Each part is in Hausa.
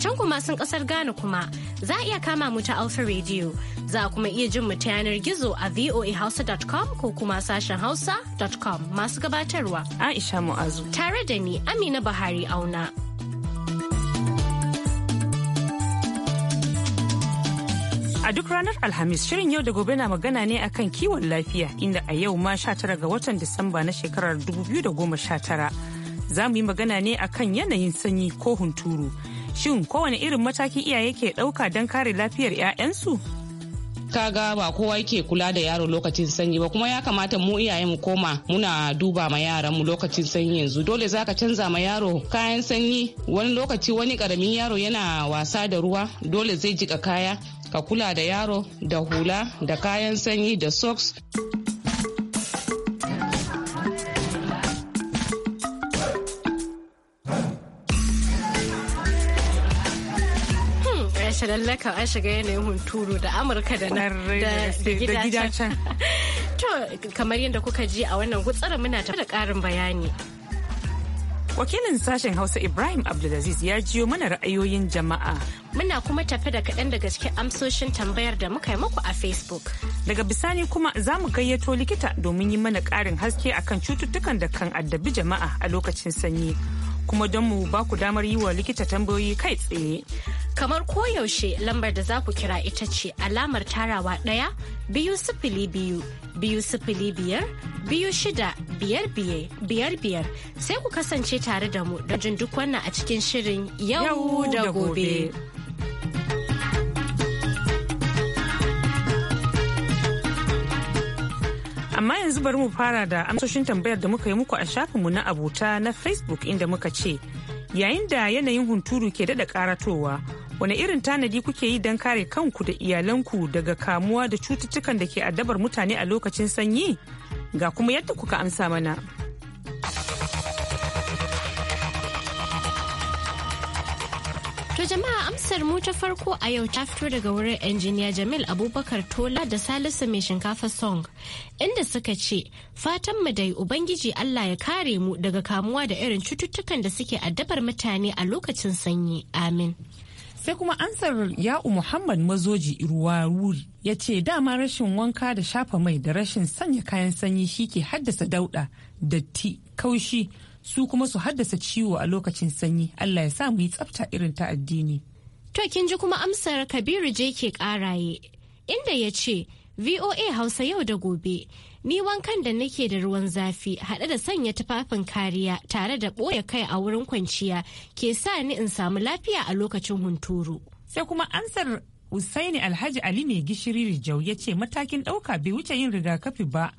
can kuma sun kasar Ghana kuma za a iya kama mu ta Alpha Radio. Za a kuma iya jin mu ta yanar gizo a voahausa.com ko kuma sashen hausa.com masu gabatarwa. Aisha Mu'azu. Tare da ni Amina Buhari Auna. A duk ranar Alhamis shirin yau da gobe na magana ne akan kiwon lafiya inda a yau ma 19 ga watan Disamba na shekarar 2019 za mu yi magana ne akan yanayin sanyi ko hunturu. shin kowane irin mataki iyaye ke ɗauka don kare lafiyar 'ya'yansu? Ka ga ba kowa yake kula da yaro lokacin sanyi ba kuma ya kamata mu iyaye mu koma muna duba ma yaran mu lokacin sanyi yanzu dole zaka canza ma yaro kayan sanyi wani lokaci wani karamin yaro yana wasa da ruwa dole zai jika kaya ka kula da yaro da hula da kayan sanyi da socks shalallaka an shiga yanayin hunturu da amurka da da gidajen to kamar yadda kuka ji a wannan gutsara muna tafi da karin bayani wakilin sashen hausa ibrahim abdulaziz ya jiyo mana ra'ayoyin jama'a muna kuma tafi da kaɗan daga cikin amsoshin tambayar da muka yi muku a facebook daga bisani kuma za mu gayyato likita domin yi mana ƙarin haske akan cututtukan da kan addabi jama'a a lokacin sanyi kuma don mu ba ku damar yi wa likita tambayoyi kai tsaye Kamar koyaushe lambar da za ku kira ita ce alamar tarawa ɗaya biyu sifili biyu biyu sifili biyar biyu shida biyar biyar biyar sai ku kasance tare da mu don jin duk wannan a cikin shirin yau da gobe. amma yanzu bari mu fara da amsoshin tambayar da muka yi muku a shafinmu na abota na facebook inda muka ce yayin da yanayin hunturu ke daɗa ƙaratowa. wani irin tanadi kuke yi don kare kanku da iyalanku daga kamuwa da cututtukan da ke addabar mutane a lokacin sanyi ga kuma yadda kuka amsa mana To jama'a amsar mu ta farko a yau ta fito daga wurin injiniya Jamil Abubakar Tola da Salisu mai shinkafa song inda suka ce fatan mu dai ubangiji Allah ya kare mu daga kamuwa da irin cututtukan da suke addabar mutane a lokacin sanyi amin. sai kuma ansar ya'u muhammad mazoji ruwa wuri ya ce dama rashin wanka da shafa mai da rashin sanya kayan sanyi shi ke haddasa dauda datti kaushi su kuma su haddasa ciwo a lokacin sanyi allah ya sa mu yi tsafta irin ta addini to kin ji kuma amsar kabiru je ke karaye inda ya ce voa hausa yau da gobe Ni wankan da nake da ruwan zafi haɗe da sanya tufafin kariya tare da ɓoye kai a wurin kwanciya ke sa ni in samu lafiya a lokacin hunturu. Sai kuma ansar Usaini Alhaji Ali mai gishiri Rijau ya ce matakin ɗauka bai wuce yin rigakafi ba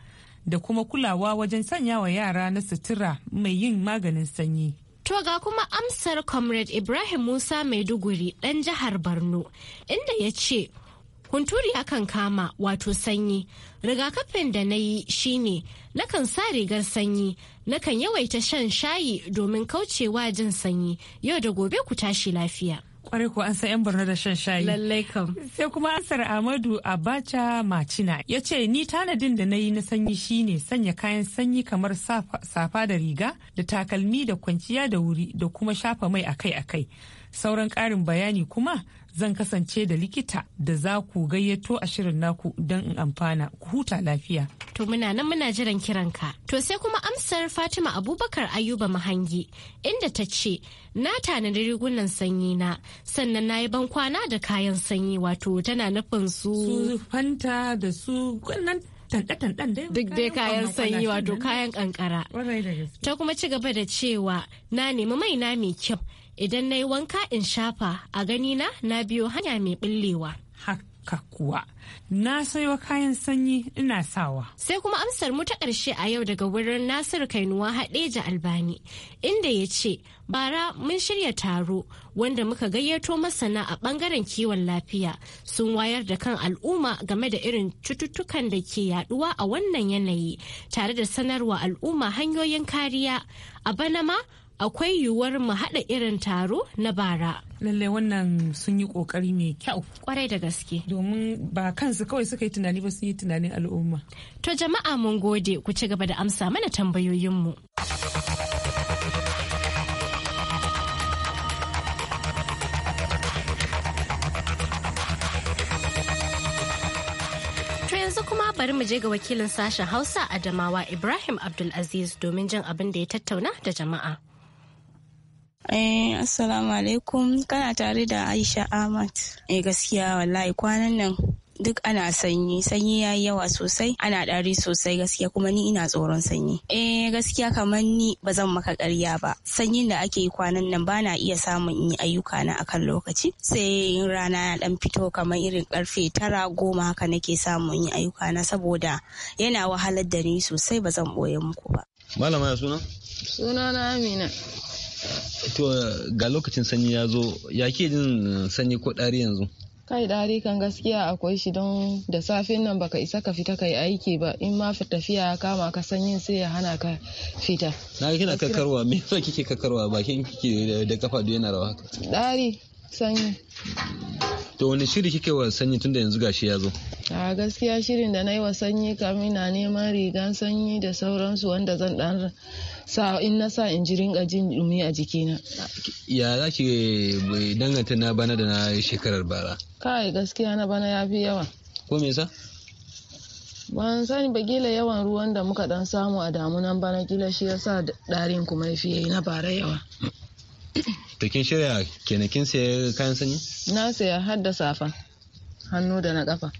da kuma kulawa wajen sanya wa yara na sutura mai yin maganin sanyi. To ga kuma amsar Comrade Ibrahim Musa Maiduguri ɗan jihar Borno inda ya ce hunturi akan kama wato sanyi rigakafin da na yi shine nakan sa rigar sanyi nakan yawaita shan shayi domin kaucewa jin sanyi yau da gobe ku tashi lafiya kwarai ko an san 'yan borno da shan shayi. Lallai kam. Sai kuma ansar amadu Abacha Macina ya ce ni tanadin da na yi na sanyi shine sanya kayan sanyi kamar safa da riga da takalmi da kwanciya da wuri da kuma shafa mai akai-akai. Sauran karin bayani kuma zan kasance da likita da za ku gayyato a shirin naku don in amfana ku huta lafiya. To muna nan muna jiran kiranka. To sai kuma amsar Fatima Abubakar Ayuba Mahangi inda ta ce na tanadi rigunan sanyi na sannan na yi bankwana da kayan sanyi wato tana nufin su. Su fanta da su tanɗe duk dai kayan sanyi wato kayan kankara ta kuma ci gaba da cewa na nemi maina mai kyau idan na yi wanka in shafa a ganina na biyo hanya mai ɓullewa. haka kuwa na sayo kayan sanyi ina sawa. Sai kuma amsar mu ta ƙarshe a yau daga wurin Nasiru Kainuwa Haɗeja Albani inda ya ce bara mun shirya taro wanda muka gayyato masana a ɓangaren kiwon lafiya sun wayar da kan al'umma game da irin cututtukan da ke yaduwa a wannan yanayi tare da sanarwa al'umma hanyoyin kariya a bana ma akwai yiwuwar mu haɗa irin taro na bara. Lalle wannan sun yi ƙoƙari mai kyau. Kwarai da gaske. Domin ba kansu kawai suka yi tunani ba sun yi tunanin al'umma. To jama'a mun gode ku ci gaba da amsa mana tambayoyinmu. To yanzu kuma bari mu je ga wakilin sashen Hausa Adamawa Ibrahim Abdulaziz domin jin abin da ya tattauna da jama'a. Eh, assalamu alaikum kana tare da Aisha Ahmad. Eh gaskiya wallahi kwanan nan duk ana sanyi sanyi ya yi yawa sosai ana ɗari sosai gaskiya kuma ni ina tsoron sanyi eh gaskiya kamar ni ba zan maka karya ba sanyin da ake yi kwanan nan ba na iya samun in yi ayyuka na akan lokaci sai yin rana ya dan fito kamar irin karfe tara goma haka nake samun in yi ayyuka na saboda yana wahalar da ni sosai ba zan ɓoye muku ba malama ya suna suna na amina to ga lokacin sanyi ya zo ya ke jin eh, sanyi ko ɗari yanzu kai ɗari kan gaskiya akwai shi don da safin nan baka isa ka fita kai aiki ba in ma tafiya ya kama ka sanyin sai ya hana ka fita na kina kakarwa me yasa kike kakarwa bakin kike da kafa duk yana rawa haka ɗari sanyi to wani shiri kike wa sanyi tun da yanzu gashi ya zo a gaskiya shirin da na yi wa sanyi kamina neman rigan sanyi da sauransu wanda zan dan sa in na sa in jirin rinka jin dumi a jikina ya za ki danganta na bana da na shekarar bara kai gaskiya na bana ya fi yawa ko me yasa ban sani ba gila yawan ruwan da muka dan samu a damunan bana gila shi sa darin kuma ya fiye na bara yawa to shirya kenan kin kayan sanyi na saya har da safa hannu da na kafa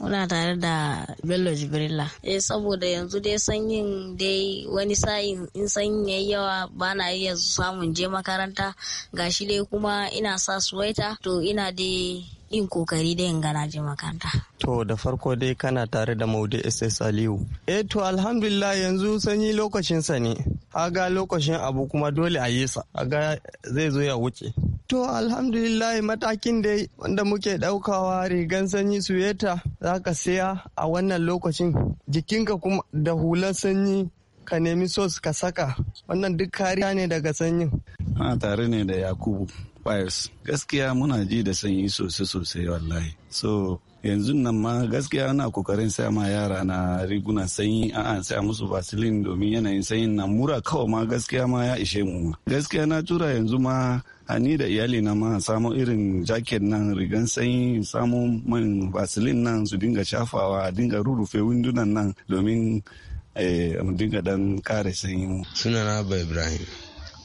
Muna tare da Bello Jibrila. Eh saboda yanzu dai sanyin dai wani sa'in in sanyin yayi yawa ba na iya samun je makaranta gashi dai kuma ina sa suwaita to ina dai yin kokari da yin gana je makaranta. To da farko dai kana tare da Maude SS Aliyu. Eh to alhamdulillah yanzu sanyi lokacin sa ne. Haga lokacin abu kuma dole a yi sa. Haga zai zo ya wuce. To alhamdulillah matakin da wanda muke daukawa rigan sanyi suyeta za ka siya a wannan lokacin jikinka kuma da hular sanyi ka nemi sos ka saka wannan duk kariya ne daga sanyin. Ana tare ne da Yakubu Fires. Gaskiya muna ji da sanyi sosai sosai wallahi. So yanzu nan ma gaskiya ana kokarin sai ma yara na rigunan sanyi a'a sai musu vaseline domin yanayin sanyin na mura kawai ma gaskiya ma ya ishe mu gaskiya na tura yanzu ma ni da iyali na ma samu irin jaket nan rigan sanyi samu man vaseline nan su dinga shafawa a dinga rurrufe windunan nan domin eh, mu dinga dan kare sanyi mu sunana ba ibrahim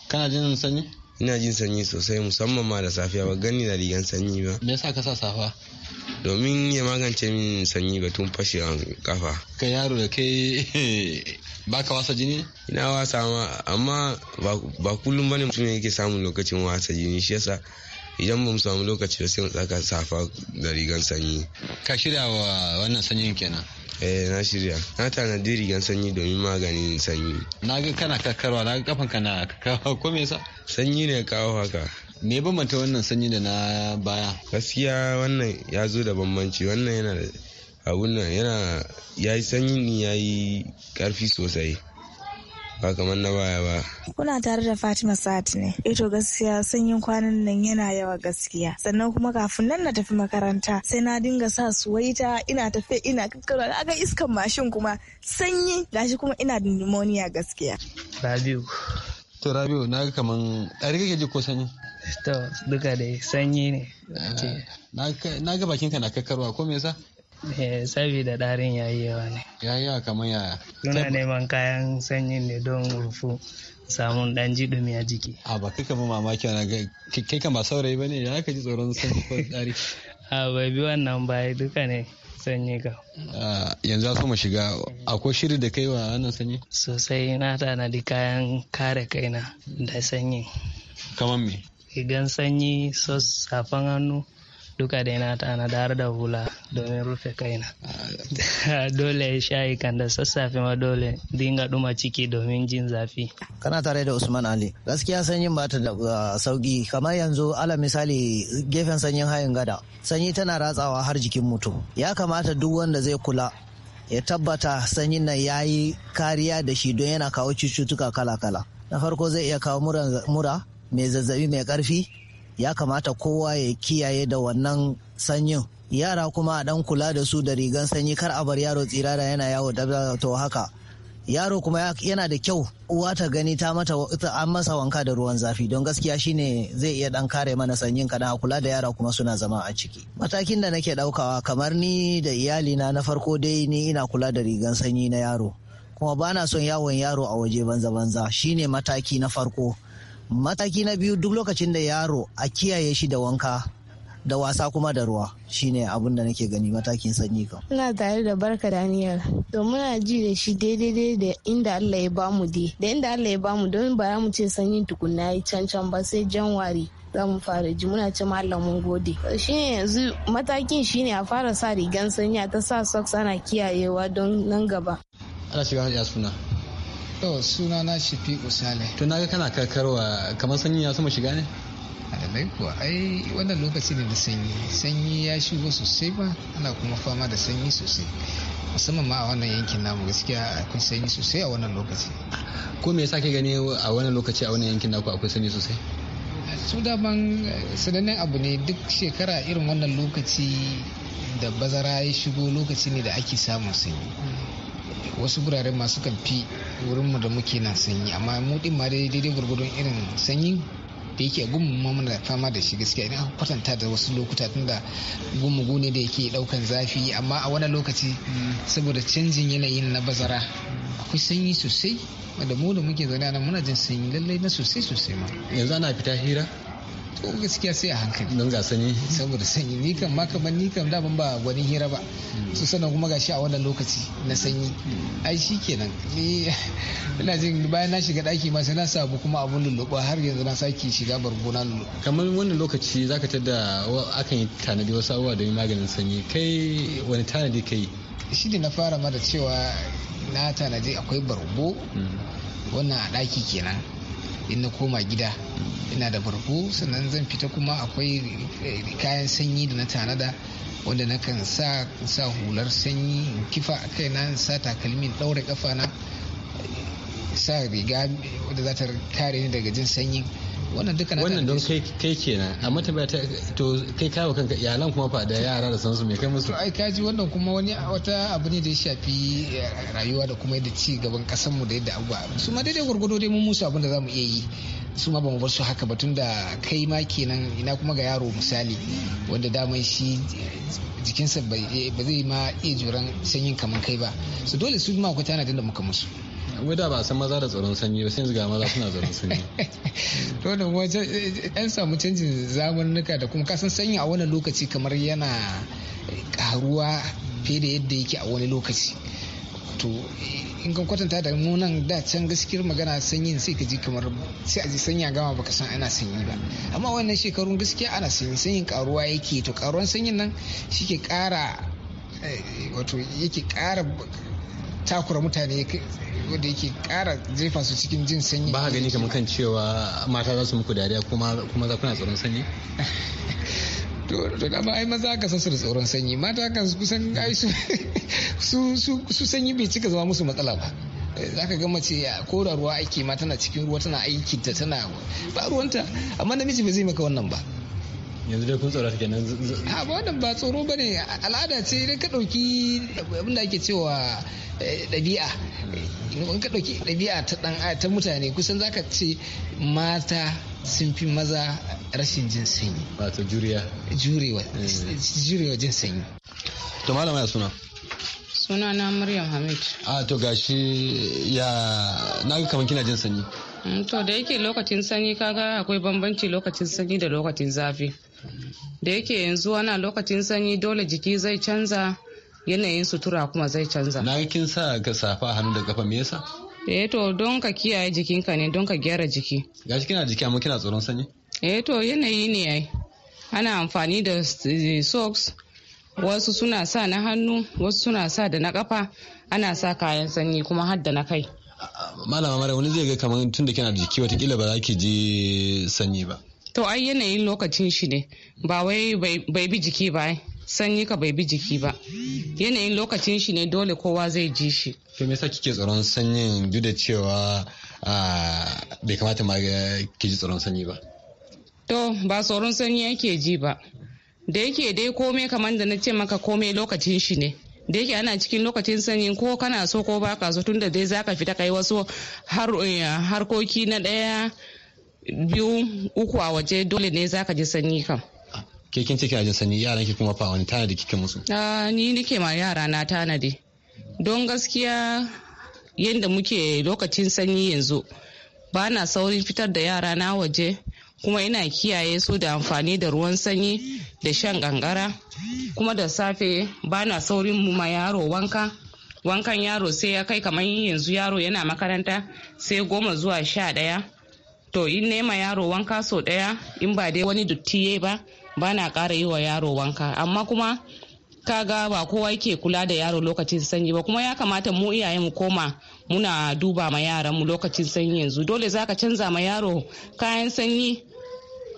kana jin sanyi ina jin sanyi sosai musamman ma da safiya ba gani da rigan sanyi ba me yasa ka sa safa domin ya magance min sanyi batun fashewan kafa ka yaro da kai baka wasa jini ina wasa ma amma ba kullum bane mutum yake samun lokacin wasa jini shi yasa idan ba mu samu lokaci da sai mu tsaka safa da rigan sanyi ka shirya wa wannan sanyin kenan eh na shirya na tanadi rigan sanyi domin maganin sanyi na ga kana kakkarwa na ga kafan kana kakkarwa ko me yasa sanyi ne kawo haka me bambanta wannan sanyi da na baya gaskiya wannan ya zo da bambanci wannan yana da abun nan yana ya yi sanyi ne ya yi karfi sosai ba kamar na baya ba. Kuna tare da Fatima Sati ne. Ito eh gaskiya sanyin kwanan nan yana yawa gaskiya. Sannan kuma kafin nan na tafi makaranta sai na dinga sa suwaita ina tafe ina na aga iskan mashin kuma sanyi gashi kuma ina da pneumonia gaskiya. Rabiu. To Rabiu na ga A ɗari kake ji ko sanyi? to duka da sanyi ne eh, na ga bakinka na kakkarwa ko me yasa eh, saboda ɗarin yayi yawa ne yayi yawa kamar yaya suna neman kayan sanyin ne don rufu samun dan ji dumi a jiki a ba kai kama mamaki na kai kama saurayi ba ne ya ka ji tsoron sanyi ko ɗari a bai bi wannan bai duka ne sanyi ga yanzu za mu shiga akwai shiri da kai wa wannan sanyi sosai na tanadi kayan kare kaina da sanyi kamar me rigan sanyi sos hannu duka ta na dare da hula domin rufe kaina dole shayi kan da sassafe ma dole dinga duma ciki domin jin zafi kana tare da usman ali gaskiya sanyin ba ta da uh, sauki kamar yanzu ala misali gefen sanyin hayan gada sanyi tana ratsawa har jikin mutum ya kamata duk wanda zai kula ya tabbata sanyin nan ya yi kariya da shi don yana kawo cututtuka kala-kala na farko zai iya kawo mura mai zazzabi mai karfi ya kamata kowa ya kiyaye da wannan sanyin yara kuma a dan kula da su da rigan sanyi kar a bar yaro tsirara yana yawo da to haka yaro kuma yana da kyau uwa ta gani ta mata an masa wanka da ruwan zafi don gaskiya shine zai iya dan kare mana sanyin kadan a kula da yara kuma suna zama a ciki matakin da nake daukawa kamar ni da iyalina na farko dai ni ina kula da rigan sanyi na yaro kuma bana son yawon yaro a waje banza banza shine mataki na farko mataki na biyu duk lokacin da yaro a kiyaye shi da wanka da wasa kuma da ruwa shine abin da nake gani matakin sanyi kam. Ina tare da barka Daniel. To muna ji da shi daidai da inda Allah ya bamu dai. Da inda Allah ya bamu don ba mu ce sanyi tukunna ya can can ba sai Janwari. za mu fara ji muna ce Allah mun gode shine yanzu matakin shine a fara sa rigan sanyi ta sa socks ana kiyayewa don nan gaba ana shiga ya suna To suna na shifi usale. To naga kana karkarwa kamar sanyi ya sama shiga ne? Alamai kuwa ai wannan lokaci ne da sanyi. Sanyi ya shigo sosai ba ana kuma fama da sanyi sosai. musamman ma a wannan yankin namu gaskiya akwai sanyi sosai a wannan lokaci. Ko me yasa ke gani a wannan lokaci a wannan yankin naku akwai sanyi sosai? su daman sanannen abu ne duk shekara irin wannan lokaci da bazara ya shigo lokaci ne da ake samun sanyi wasu guraren masu kan fi wurinmu da muke na sanyi amma mu din ma daidai gurgudun irin sanyi da yake gumu ma muna fama da shi gaskiya idan aka kwatanta da wasu lokuta tun da gumugu ne da yake daukan zafi amma a wani lokaci saboda canjin yanayin na bazara akwai sanyi sosai da mu da muke zaune nan muna jin sanyi lallai na sosai sosai ma yanzu ana fita hira gaskiya sai a hankali don ga sanyi saboda sanyi ni kam ma kamar ni kam daban ba wani hira ba hmm. su sanan kuma gashi a wannan lokaci na sanyi hmm. ai kenan ni ina jin bayan na shiga daki ma sai na sabu kuma abun lulluɓa har yanzu na sake shiga barguna lulluɓa kamar wannan lokaci zaka tada akan yi tanadi wasu abubuwa don maganin sanyi kai wani tanadi kai shi ne na fara ma da cewa na tanadi akwai bargo hmm. wannan a daki kenan in na koma gida ina da barko sannan zan fita kuma akwai eh, kayan sanyi da na tanada wanda na kan sa hular sanyi kifa a kaina sa takalmin ɗaure kafa na sa riga wadda za ta kare ni daga jin sanyin wannan duka wannan don kai kai kenan mata ba ta to kai kawo kanka iyalan kuma fa da yara da sansu me kai musu ai kaji wannan kuma wani wata abu ne da ya shafi eh, rayuwa da kuma yadda ci gaban kasan mu da yadda abuwa su ma daidai gurgudo dai mun musu abin da zamu iya yi su ma bamu bar su haka ba tunda kai ma kenan ina kuma ga yaro misali wanda dama shi eh, jikinsa eh, ba zai ma iya juran sanyin kamar kai ba su dole su ma kwata na da muka musu wai da ba a san maza da tsaron sanyi ba sai ga maza suna tsaron sanyi dole wace an samu canjin zamanuka da kuma kasan sanyi a wani lokaci kamar yana karuwa fiye da yadda yake a wani lokaci to in kan kwatanta da mu nan da can gaskiyar magana sanyin sai ka ji kamar sai a ji sanya gama baka san ana sanyi ba amma wannan shekarun gaskiya ana sanyi sanyin karuwa yake to karuwan sanyin nan shi ke kara eh, wato yake kara takura mutane wanda yake kara jefa su cikin jin sanyi ba gani kamar kan cewa mata za su muku dariya kuma kuma za kuna tsoron sanyi to da ai maza ka sasu da tsoron sanyi mata kan kusan ai su su sanyi bai cika zama musu matsala ba eh, za ka gama ce a ruwa aiki ma tana cikin ruwa tana aiki ta tana ba ruwanta amma namiji bai zai maka wannan ba yanzu dai kun tsorata kenan a wannan ba tsoro ba ne al'ada ce idan ka ɗauki abin da ake cewa eh, ɗabi'a in ka ɗauki ɗabi'a ta ɗan ta mutane kusan zaka ce mata sun fi maza rashin jin sanyi wato juriya jurewa eh. jurewa jin sanyi to malama ya suna suna na maryam hamid a to gashi ya na ga kamar kina jin sanyi mm, to da yake lokacin sanyi kaga akwai bambanci lokacin sanyi da lokacin zafi da yake yanzu wannan lokacin sanyi dole jiki zai canza yanayin sutura kuma zai canza na kin sa ga safa hannu da kafa me yasa eh to don ka kiyaye jikinka ne don ka gyara jiki gashi kina jiki amma kina tsoron sanyi eh to yanayi ne ai ana amfani da socks wasu suna sa na hannu wasu suna sa da na kafa ana sa kayan sanyi kuma har da na kai malama mara wani zai ga kamar tun da kina jiki watakila ba za ki je sanyi ba to ai yanayin lokacin shi ne ba wai bai bi jiki ba sanyi ka bai bi jiki ba yanayin lokacin shi ne dole kowa zai ji shi to me yasa kike tsoron sanyin duk da cewa bai kamata ma ki ji tsoron sanyi ba to ba tsoron sanyi yake ji ba da yake dai komai kamar da na ce maka komai lokacin shi ne da yake ana cikin lokacin sanyi ko kana so ko baka so tunda dai zaka fita kai wasu eh, harkoki na daya biyu uku a waje dole ne zaka ji sanyi kam ah, ke kin ce kina sanyi yaran ki kuma fa wani tanadi kike musu ah, ni nike ma yara na tanadi don gaskiya yadda muke lokacin sanyi yanzu ba na saurin fitar da yara na waje kuma ina kiyaye su da amfani da ruwan sanyi da shan gangara kuma da safe ba na saurin mu ma yaro wanka wankan yaro sai ya kai kamar yanzu yaro yana makaranta sai goma zuwa sha ɗaya to in nema yaro wanka sau daya in ba dai wani dutti ya ba ba na ƙara yi wa yaro wanka amma kuma kaga ba kowa yake kula da yaro lokacin sanyi ba kuma ya kamata mu iyaye mu koma muna duba ma yaran mu lokacin sanyi yanzu dole zaka canza ma yaro kayan sanyi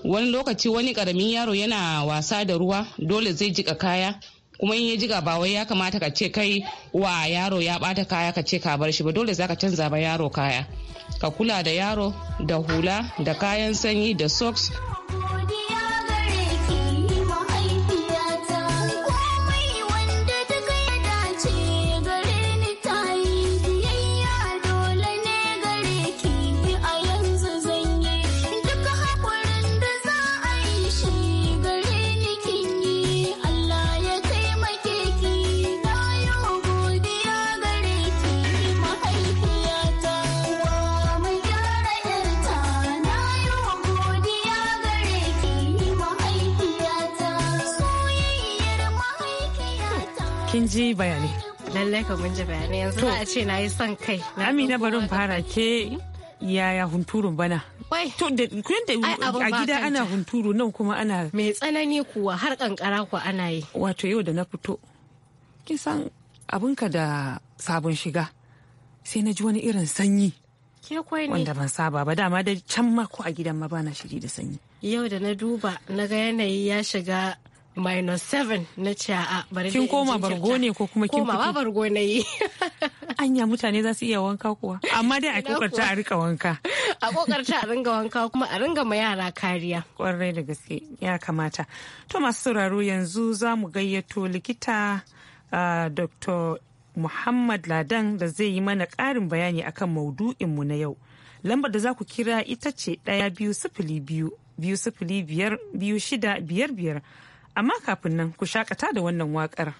wani lokaci wani karamin yaro yana wasa da ruwa dole zai jika kaya kuma in ya jiga ba wai ya kamata ka ce kai wa yaro ya bata kaya ka ce ka bar shi ba dole zaka canza ma yaro kaya ka kula da yaro da hula da kayan sanyi da socks yi bayani. Lallai ka gunji bayani yanzu a ce na yi son kai. Amina bari fara ke yaya hunturun bana. Wai. a gida ana hunturu nan kuma ana. Mai tsanani kuwa har kankara kuwa ana yi. Wato yau da na fito. Kin san abinka da sabon shiga sai na ji wani irin sanyi. Ke kwai ne. Wanda ban saba ba dama da can mako a gidan ma bana shiri da sanyi. Yau da na duba na ga yanayi ya shiga minus seven na ce a bari kin koma bargo ne ko kuma kin koma bargo ne yi anya mutane za su iya wanka kuwa amma dai a kokarta a rika wanka a kokarta a ringa wanka kuma a ringa ma yara kariya kwarai da gaske ya kamata to masu sauraro yanzu za mu gayyato likita dr muhammad ladan da zai yi mana karin bayani akan maudu’in mu na yau lambar da za ku kira ita ce ɗaya biyu sifili biyu biyu sifili biyar biyu shida biyar biyar amma kafin nan ku shakata da wannan waƙar.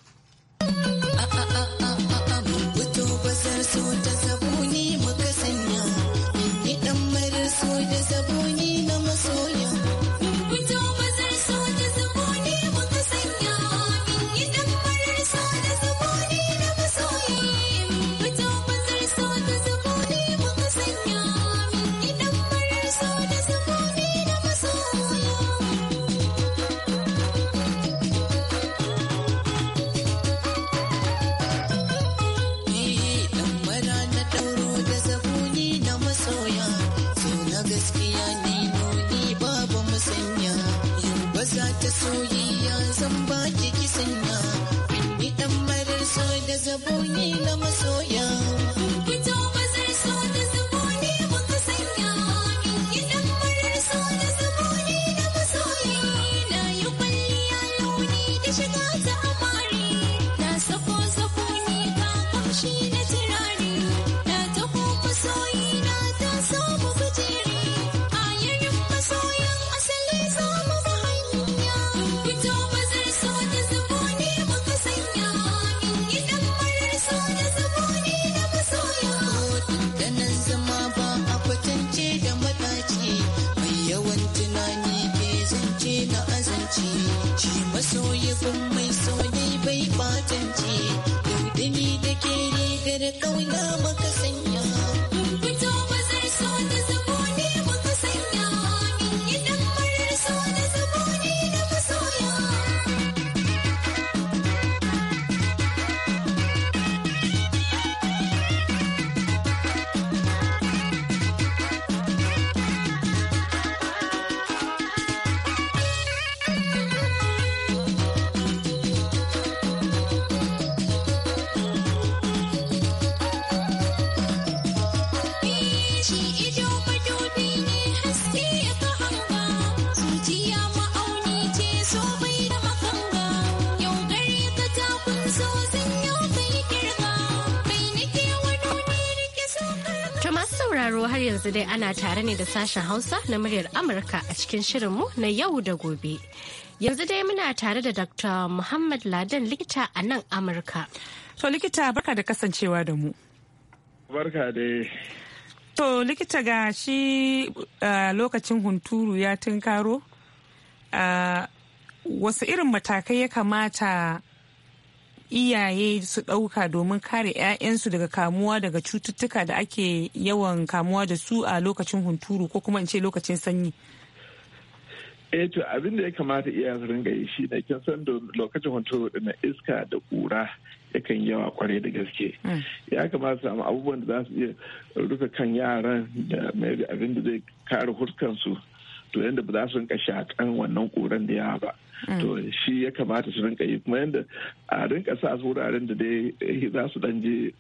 masoyi kun sauraro har yanzu dai ana tare ne da sashen Hausa na muryar Amurka a cikin shirinmu na yau da gobe. Yanzu dai muna tare da Dr. Muhammad Ladan likita a nan Amurka. To likita barka da kasancewa da mu. Barka dai. To likita ga shi lokacin hunturu ya tunkaro. wasu irin matakai ya kamata iyaye su ɗauka domin kare 'ya'yansu daga kamuwa daga cututtuka da ake yawan kamuwa da su a lokacin hunturu ko kuma in ce lokacin sanyi? Eh, to abin da ya kamata iyaye su ringa yi shi ne kin san lokacin hunturu na iska da kura yakan yawa kwarai da gaske mm. ya kamata samu abubuwan da za su iya rufe kan yaran da abin da zai kare huskansu to yadda ba za su rinka shakan wannan kuran da yawa ba Mm. to shi ya kamata su rinka yi kuma yadda a rinka sa wuraren da dai eh, za su dan je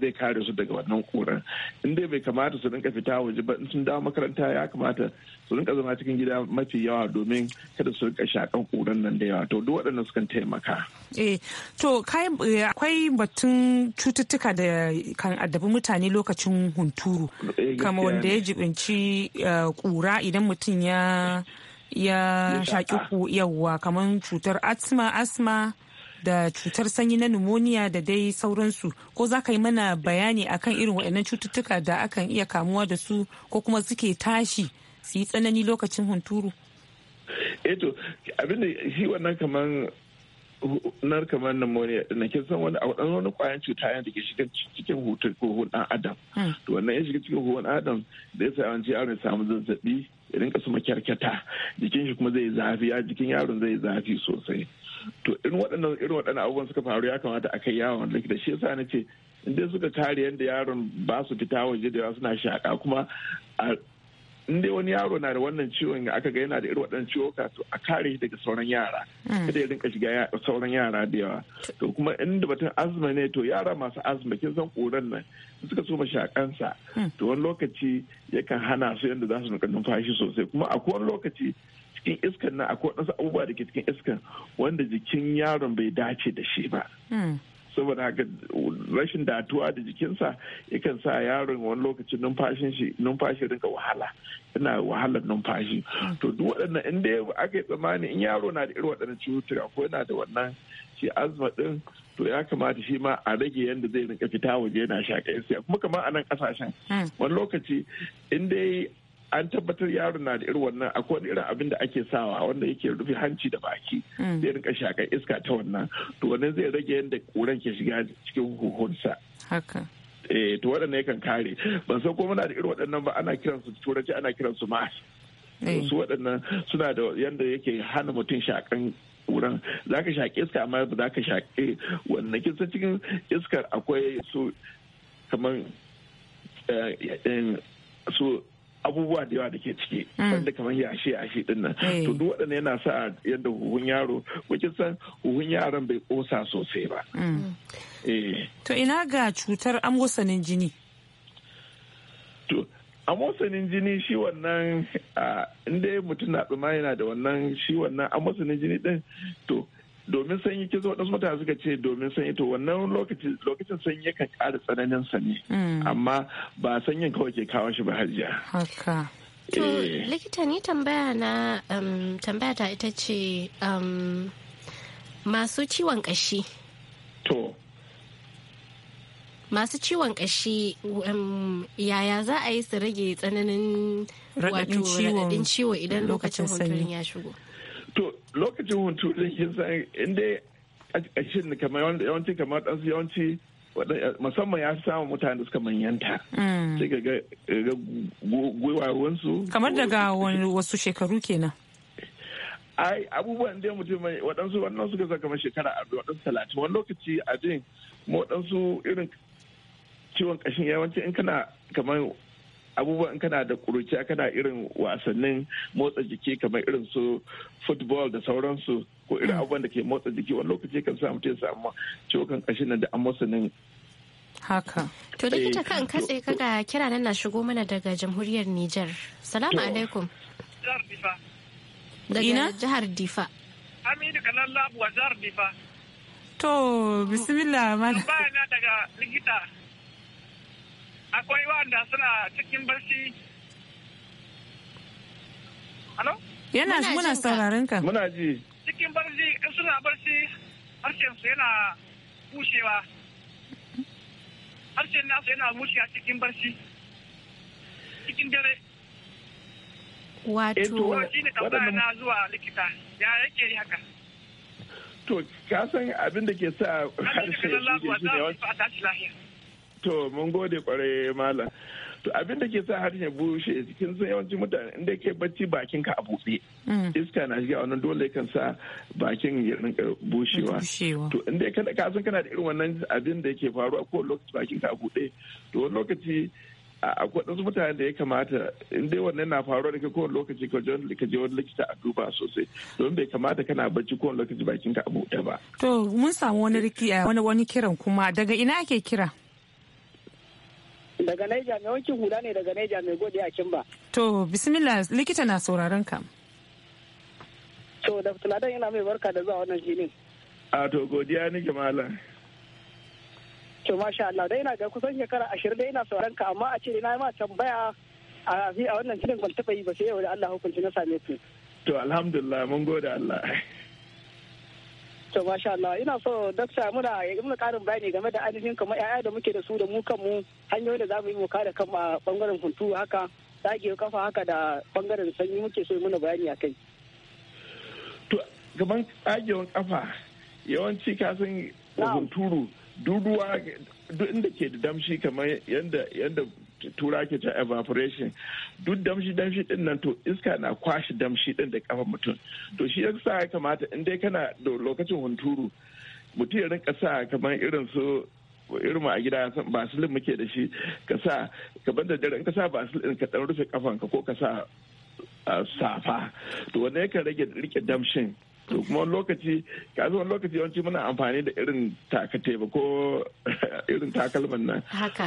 zai kare su daga wannan koran in dai bai kamata su rinka fita waje ba sun dawo makaranta ya kamata su rinka zama cikin gida mafi yawa domin kada su rinka shakan koran nan da yawa to duk waɗannan sukan taimaka eh to eh, akwai batun cututtuka da kan addabi mutane lokacin hunturu eh, kama wanda ya jibinci kura idan mutum ya ya shaƙi ku yawwa kamar cutar asma asma da cutar sanyi na pneumonia da dai sauransu ko za ka yi mana bayani akan irin waɗannan cututtuka da akan iya kamuwa da su ko kuma suke tashi su yi tsanani lokacin hunturu eto eh abinda shi wannan kamar narka man pneumonia na kin san wani audan wani kwayan cuta yana da ke shiga cikin hutun huhun dan adam hmm. to wannan ya shiga cikin huhun adam da ya sa yawanci yaron samu zazzabi ya rinka su makyarkyata jikin shi kuma zai zafi ya jikin yaron zai zafi sosai to irin waɗannan irin waɗannan abubuwan suka faru ya kamata a kai yawon likita shi yasa na ce in dai suka kare yadda yaron ba su fita waje da yawa suna shaƙa kuma in dai wani yaro na da wannan ciwon ya aka ga yana da irin waɗannan ciwoka to a kare daga sauran yara hmm. kada ya rinka shiga sauran yara da yawa to kuma inda batun azma ne to yara masu azma kin san koran nan suka so mashakansa hmm. to wani lokaci yakan hana su yadda za su nuka numfashi sosai kuma a kowane lokaci cikin iskan nan akwai wasu abubuwa da ke cikin iskan wanda jikin yaron bai dace da shi ba hmm. saboda haka rashin datuwa da jikinsa yakan sa yaron wani lokacin numfashin shi numfashi rinka wahala yana wahalar numfashi to duk waɗannan in dai aka yi tsammani in yaro na da irin waɗannan cututtuka ko yana da wannan shi azma din to ya kamata shi ma a rage yadda zai rinka fita waje yana shaƙa siya kuma kamar a nan ƙasashen hmm. wani lokaci in dai an tabbatar yaron na da irin wannan akwai irin abin da ake sawa wanda yake rufe hanci da baki mm. zai rinka shakar iska ta wannan to wannan zai rage yadda kuran ke shiga cikin huhunsa haka eh to waɗannan yakan kare ban san ko muna da irin waɗannan ba ana kiransu turanci ana kiransu ma eh. su waɗannan suna da yadda yake hana mutum shakan kuran za ka shaƙi iska amma ba za ka shaƙi wannan kinsa cikin iskar akwai su kamar eh, eh, su abubuwa da yawa da ke ciki mm. wanda kamar yashe yashe din nan eh. to duk waɗanda yana sa yadda huhun yaro kuke san huhun yaron bai kosa sosai ba mm. eh. to ina ga cutar amosanin jini to amosanin jini shi wannan ah, inda mutum na ɗuma yana da wannan shi wannan amosanin jini din to domin sanyi ke zo wadansu mutane suka ce domin sanyi to wannan lokacin lokacin sanyi kan ƙara tsananin sanyi hmm. amma ba sanyin kawai ke kawo shi ba hajiya haka to eh. likita ni tambaya na um, tambaya ta ita ce um, masu ciwon kashi to masu ciwon kashi um, yaya za a yi su rage tsananin wato raɗaɗin ciwo idan lokacin hunturin ya shigo to lokacin hutu din kin san inda shin kamar yawanci kamar dan yawanci musamman ya samu mutane suka manyanta mm. sai ga wansu. kamar daga wasu shekaru kenan ai abubuwan da mutum mai waɗansu wannan suka zaka kamar shekara a waɗansu talatin wani lokaci a jin waɗansu irin ciwon ƙashin yawanci in kana kamar abubuwan kana da kuruciya kana irin wasannin motsa jiki kamar irin su football da sauransu ko irin mm. abubuwan da ke motsa jiki wani lokaci kan sa mutum samu ciwon kashin nan da amosanin haka to likita eh, kan katse kaga kira nan na shigo mana daga jamhuriyar Nijar salamu alaikum daga jihar Difa Aminu Kalallabu wa jihar Difa to bismillah mana ba na daga likita akwai wanda suna cikin barci Halo? Yana muna sauraron ka. Muna ji. Cikin barci in suna barci harshen su yana bushewa. Harshen nasu yana bushewa cikin barci. Cikin dare. Wato. Eh, shi ne tambaya na zuwa likita. Ya yake yi haka? To, ka san abin da ke sa harshe shi ne To mun gode kwarai malam. To abin da ke sa har ya bushe cikin sun yawanci mutane inda ke bacci bakin ka a buɗe. Mm. Iska na shiga wannan dole kan sa bakin ya rinka bushewa. To inda ya ka san kana da irin wannan abin da ke faruwa ko lokaci bakin ka a buɗe. To wani lokaci akwai wasu mutane da ya kamata in dai wannan na faruwa da kowane lokaci ka je wani likita a duba sosai don bai kamata kana bacci kowane lokaci bakin ka a buɗe ba. To mun samu wani rikiya eh, wani kiran kuma daga ina ake kira? daga Naija mai wankin hula ne daga Naija mai gode a Kimba. To bismillah likita na sauraron ka. To da tuladan yana mai barka da zuwa wannan filin. A to godiya nake malam. To masha Allah dai ina ga kusan shekara ashirin dai ina sauraron ka amma a ce na ma tambaya a wannan filin ban taɓa yi ba sai yau da Allah hukunci na same ku. To alhamdulillah mun gode Allah. To masha Allah ina so dakta muna ya muna karin bayani game da ainihin kamar yaya da muke da su da mu kanmu hanyoyin da za mu yi mu da kanmu a bangaren hunturu haka dage kafa haka da bangaren sanyi muke so muna bayani a kai. To gaban tsagewan kafa yawanci ka san hunturu duduwa duk inda ke da damshi kamar yadda tura ke ta evaporation duk damshi damshi din nan to iska na kwashi damshi din da kafa mutum to shi ya ya kamata in dai kana da lokacin hunturu mutum ya rinka sa kamar irin su irin a gida basilin muke da shi kasa sa ka banda dare ka basilin ka dan rufe kafanka ko kasa sa ah, safa to wanda yakan rage rike damshin to kuma lokaci ka wani lokaci yawanci muna amfani da irin takate ba ko irin takalman nan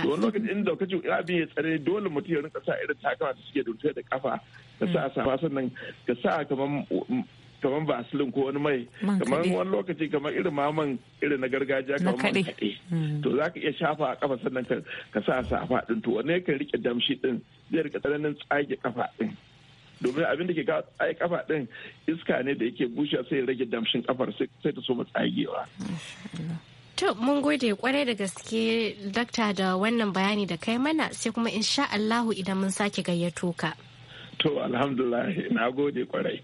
to wani lokaci in da kace abin ya tsare dole mutum ya rinka sa irin takalma da suke dutse da kafa ka sa mm. safa sannan ka sa kaman kaman basilin ko wani mai kaman wani lokaci kaman irin maman irin na gargajiya kaman man kaɗe mm. to za ka iya shafa a kafa sannan ka sa safa din to wanne ka rike damshi din zai rika tsananin tsage kafa din domin abin da ke ai kafa din iska ne da yake bushe sai ya rage damshin kafar sai ta so tsagewa. To mun gode kwarai da gaske dakta da wannan bayani da kai mana sai kuma insha Allahu idan mun sake gayyato ka. To alhamdulillah na gode kwarai.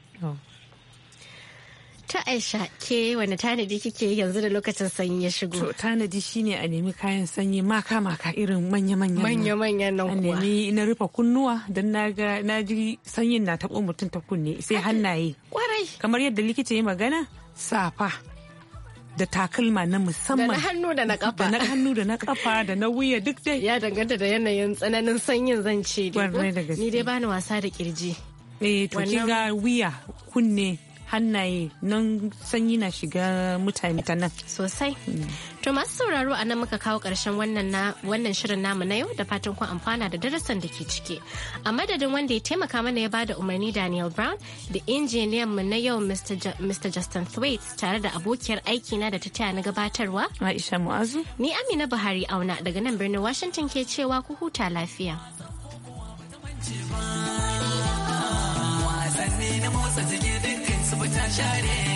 ta aisha ke wani tanadi kike yanzu da lokacin sanyi ya shigo to tanadi shine a nemi kayan sanyi maka maka irin manya manyan manya manya nan kuwa a nemi na rufe kunnuwa don na ga na ji sanyin na taɓo mutum ta kunne sai hannaye kwarai kamar yadda likita ya magana safa da takalma na musamman da na hannu da na kafa da na hannu da na kafa da na wuya duk dai ya danganta da yanayin tsananin sanyin zan ce ni dai bani wasa da kirji eh to kinga wuya kunne hannaye nan sanyi na shiga mutane ta nan. Sosai. Mm. To masu sauraro a nan muka kawo ƙarshen wannan shirin namu na yau da fatan kun amfana da darasin da ke ciki. A madadin wanda ya taimaka mana ya bada umarni Daniel Brown da injiniyan mu na yau Mr. Justin Thwaites tare da abokiyar aiki na da ta taya na gabatarwa. Aisha Mu'azu. Ni Amina Buhari Auna daga nan birnin Washington ke cewa ku huta lafiya. Wasanni na motsa share